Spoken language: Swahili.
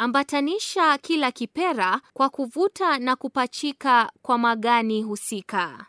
Ambatanisha kila kipera kwa kuvuta na kupachika kwa magani husika.